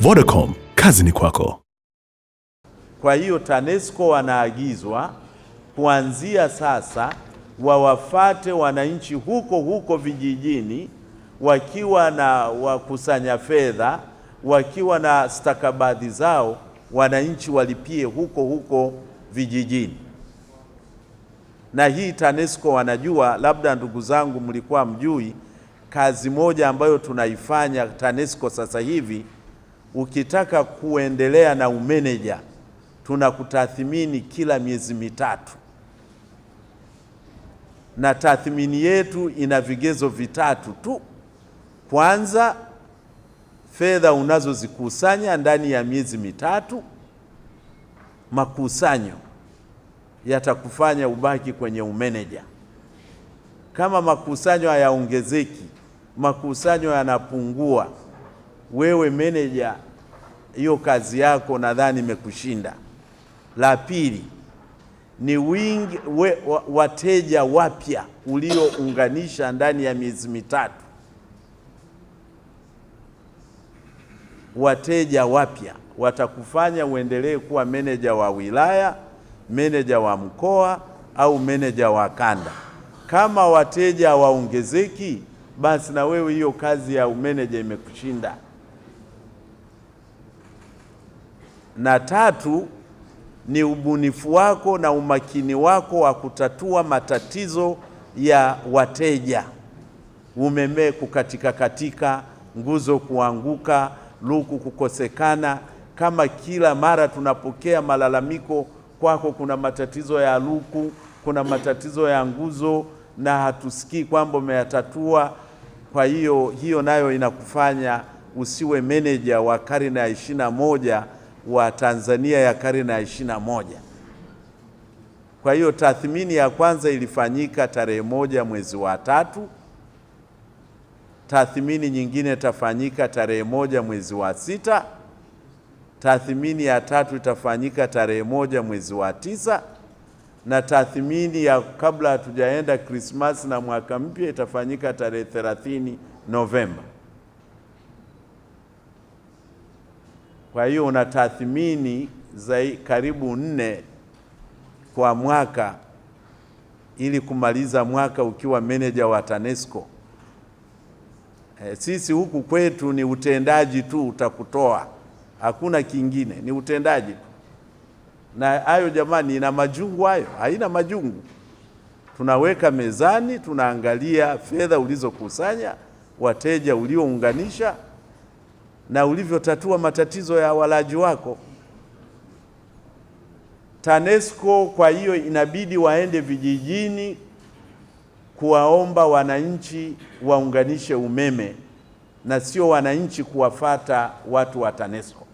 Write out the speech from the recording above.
Vodacom, kazi ni kwako. Kwa hiyo TANESCO wanaagizwa kuanzia sasa wawafate wananchi huko huko vijijini, wakiwa na wakusanya fedha, wakiwa na stakabadhi zao, wananchi walipie huko huko vijijini. Na hii TANESCO wanajua, labda ndugu zangu mlikuwa mjui, kazi moja ambayo tunaifanya TANESCO sasa hivi ukitaka kuendelea na umeneja tunakutathmini kila miezi mitatu, na tathmini yetu ina vigezo vitatu tu. Kwanza, fedha unazozikusanya ndani ya miezi mitatu, makusanyo yatakufanya ubaki kwenye umeneja. Kama makusanyo hayaongezeki, makusanyo yanapungua, wewe meneja hiyo kazi yako nadhani imekushinda. La pili ni wingi we, wateja wapya uliounganisha ndani ya miezi mitatu, wateja wapya watakufanya uendelee kuwa meneja wa wilaya, meneja wa mkoa au meneja wa kanda. Kama wateja waongezeki, basi na wewe hiyo kazi ya umeneja imekushinda. na tatu ni ubunifu wako na umakini wako wa kutatua matatizo ya wateja. Umeme kukatika katika, nguzo kuanguka, luku kukosekana. Kama kila mara tunapokea malalamiko kwako, kuna matatizo ya luku, kuna matatizo ya nguzo, na hatusikii kwamba umeyatatua. Kwa hiyo hiyo nayo inakufanya usiwe meneja wa karne ya ishirini na moja wa Tanzania ya karne ya ishirini na moja. Kwa hiyo tathmini ya kwanza ilifanyika tarehe moja mwezi wa tatu, tathmini nyingine itafanyika tarehe moja mwezi wa sita, tathmini ya tatu itafanyika tarehe moja mwezi wa tisa na tathmini ya kabla hatujaenda Krismasi na mwaka mpya itafanyika tarehe 30 Novemba. Kwa hiyo una tathmini za karibu nne kwa mwaka ili kumaliza mwaka ukiwa meneja wa TANESCO. E, sisi huku kwetu ni utendaji tu utakutoa, hakuna kingine, ni utendaji tu. Na hayo jamani, ina majungu hayo? Haina majungu. Tunaweka mezani, tunaangalia fedha ulizokusanya, wateja uliounganisha na ulivyotatua matatizo ya walaji wako. TANESCO kwa hiyo inabidi waende vijijini kuwaomba wananchi waunganishe umeme na sio wananchi kuwafata watu wa TANESCO.